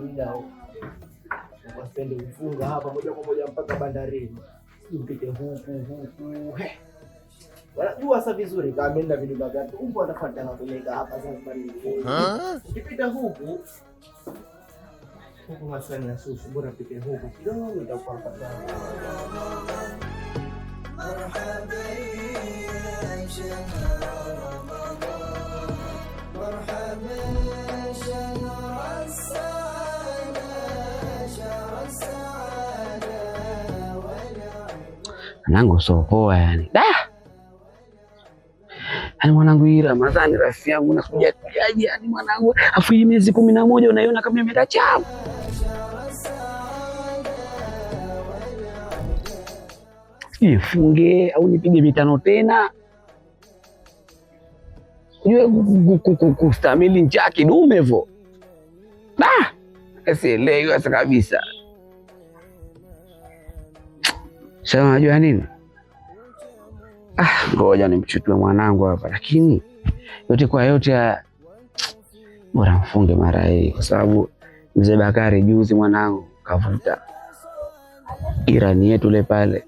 muda akasende ufunga hapa moja kwa moja mpaka bandarini, mpite huku huku. Wanajua sasa vizuri, kaamenda vilima vya tumbo na kuleka hapa Zanzibar. Ukipita huku huku maswali na susu, bora pite huku kidogo itakuwa mpaka Mwanangu sopoa yani. Da. Yaani mwanangu hii Ramadhani rafiki yangu nakuja kujaji yani mwanangu. Afu hii miezi kumi na moja unaiona kama imeenda chafu. au nipige mitano tena. Ujue kustamili njaa kidume hivyo. Da. Sielewi kabisa. Sasa unajua nini, ngoja nimchukue mwanangu hapa, lakini yote kwa yote bora mfunge mara hii, kwa sababu mzee Bakari juzi mwanangu kavuta irani yetu le pale,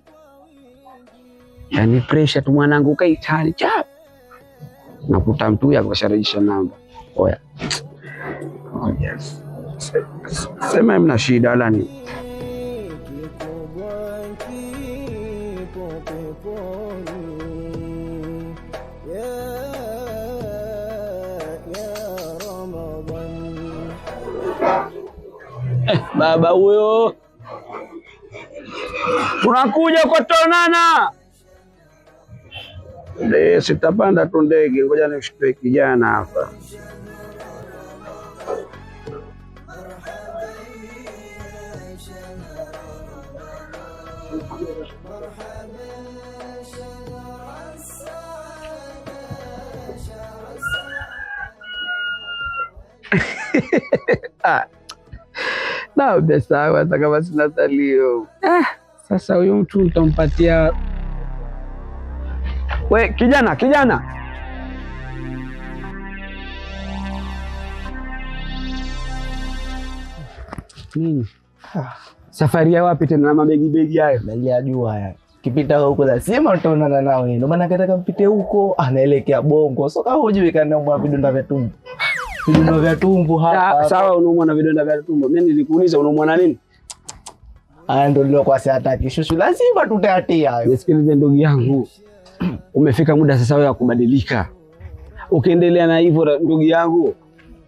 yaani presha tu mwanangu kaitani cha nakuta mtu yakasharejesha namba. Oya, sema mna shida alani yuko peponi eh, baba huyo tunakuja kutonana. Nde, sitapanda tu ndege, ngoja nimshukue kijana hapa. Naamesahau hata kama sina Ah, sasa huyu mtu utampatia we kijana, kijana nini? Ah, safari ya wapi tena na mabegi begi hayo? Najua haya kipita huko lazima utaonana nao. Ndio maana kataka mpite huko, anaelekea Bongo soka, hujui kana mwa vidonda vya tumbo vidonda vya tumbo hapa. Sawa, unaumwa na vidonda vya tumbo. Mimi nilikuuliza unaumwa na nini? Haya ndio leo kwa sasa kishushu lazima tutayatia hayo. Nisikilize ndugu yangu. Umefika muda sasa wewe kubadilika. Ukiendelea na hivyo ndugu yangu,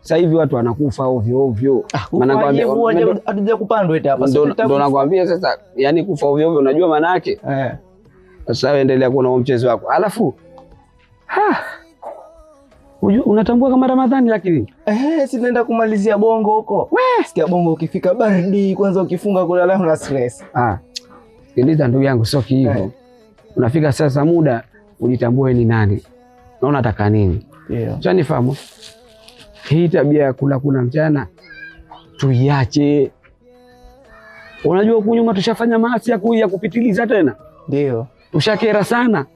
sasa hivi watu wanakufa ovyo ovyo. Ah, maana kwambia hatuja kupandwa eti hapa. Ndio nakwambia sasa, yani kufa ovyo ovyo unajua maana yake? Eh. Sasa endelea kuona mchezo wako. Alafu ha Unatambua kama Ramadhani lakini? ehe, si naenda kumalizia bongo huko. Sikia bongo ukifika baridi kwanza ukifunga kulala una stress. Ah. Sikiliza ndugu yangu sio hivyo. Eh. Unafika sasa muda ujitambue ni nani. Na unataka nini? Yeah. famu Hii tabia ya kula kula mchana tuiache. Unajua kunyuma tushafanya maasi ya kuia kupitiliza tena. Ndio. Tushakera sana.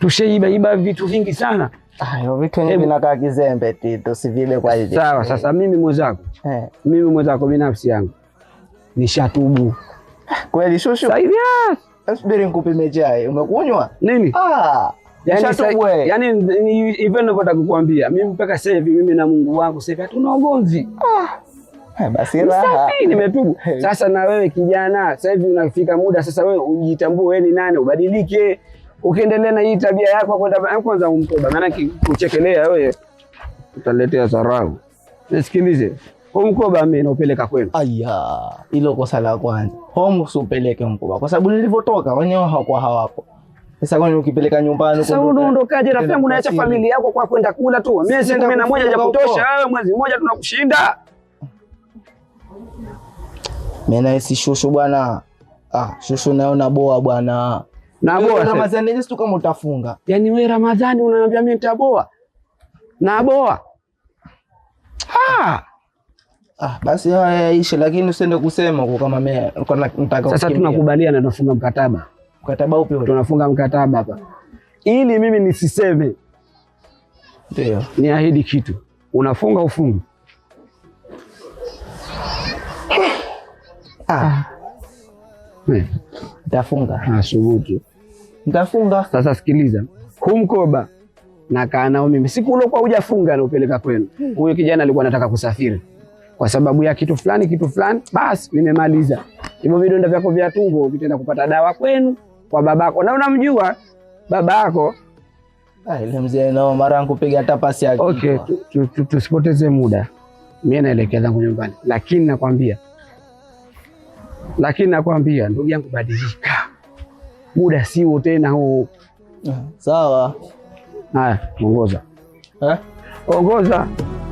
tushaibaiba iba vitu vingi sana. Ayo, vitu ni vinakaa kizembe Tito, sivile kwa hivi. Sawa, sasa mimi mwenzako. Eh. Mimi mwenzako binafsi yangu. Nishatubu. Kweli shushu. Sasa ah! subiri nikupe chai. Umekunywa? Nini? Ah. Yani, yani hivyo ninavyotaka kukuambia. Mimi mpaka sasa hivi mimi na Mungu wangu sasa hivi hatuna ugomvi. Ah. Basi raha. Nimetubu. Sasa na wewe kijana, sasa hivi unafika muda sasa wewe ujitambue wewe ni nani, ubadilike ukiendelea na hii tabia yako kwenda yaani kwanza umtoba, maana kuchekelea wewe utaletea dharau. Nisikilize, huu mkoba mimi naupeleka kwenu. Aya, hilo kosa la kwanza, homu usipeleke mkoba kwa sababu nilivyotoka wenyewe hawako hawako. Sasa kwani ukipeleka nyumbani kwa sasa unaondokaje? Rafiki yangu, unaacha familia yako kwa kwenda kula tu miezi kumi na moja ya kutosha wewe, mwezi mmoja tunakushinda. Mimi na hisi shushu bwana, ah, shushu naona boa bwana naboa Ramadhani hizi tu kama utafunga. Yaani wewe Ramadhani unaniambia mimi nitaboa? Naboa. Ah. Ah, basi haya yaishe, lakini usiende kusema huko kama mimi nataka. Sasa tunakubaliana tunafunga mkataba. Mkataba upi wewe? Tunafunga mkataba hapa. Ili mimi nisiseme. Ndio. Niahidi kitu. Unafunga ufungu. Ah. Tafunga. Ah, ah subutu. Nitafunga. Sasa sikiliza, huu mkoba nakaa nao mimi siku uliokuwa hujafunga na upeleka kwenu. Huyo kijana alikuwa anataka kusafiri kwa sababu ya kitu fulani kitu fulani, basi nimemaliza hivyo. Vidonda vyako vya tumbo vitaenda kupata dawa kwenu kwa babako, na unamjua babako ile ah, mzee, nao mara nikupiga hata pasi yake. Okay, tusipoteze muda, mi naelekea zangu nyumbani, lakini nakwambia, lakini nakwambia ndugu yangu, badilika muda siwo tena huu. Sawa, haya, ongoza eh? ongoza.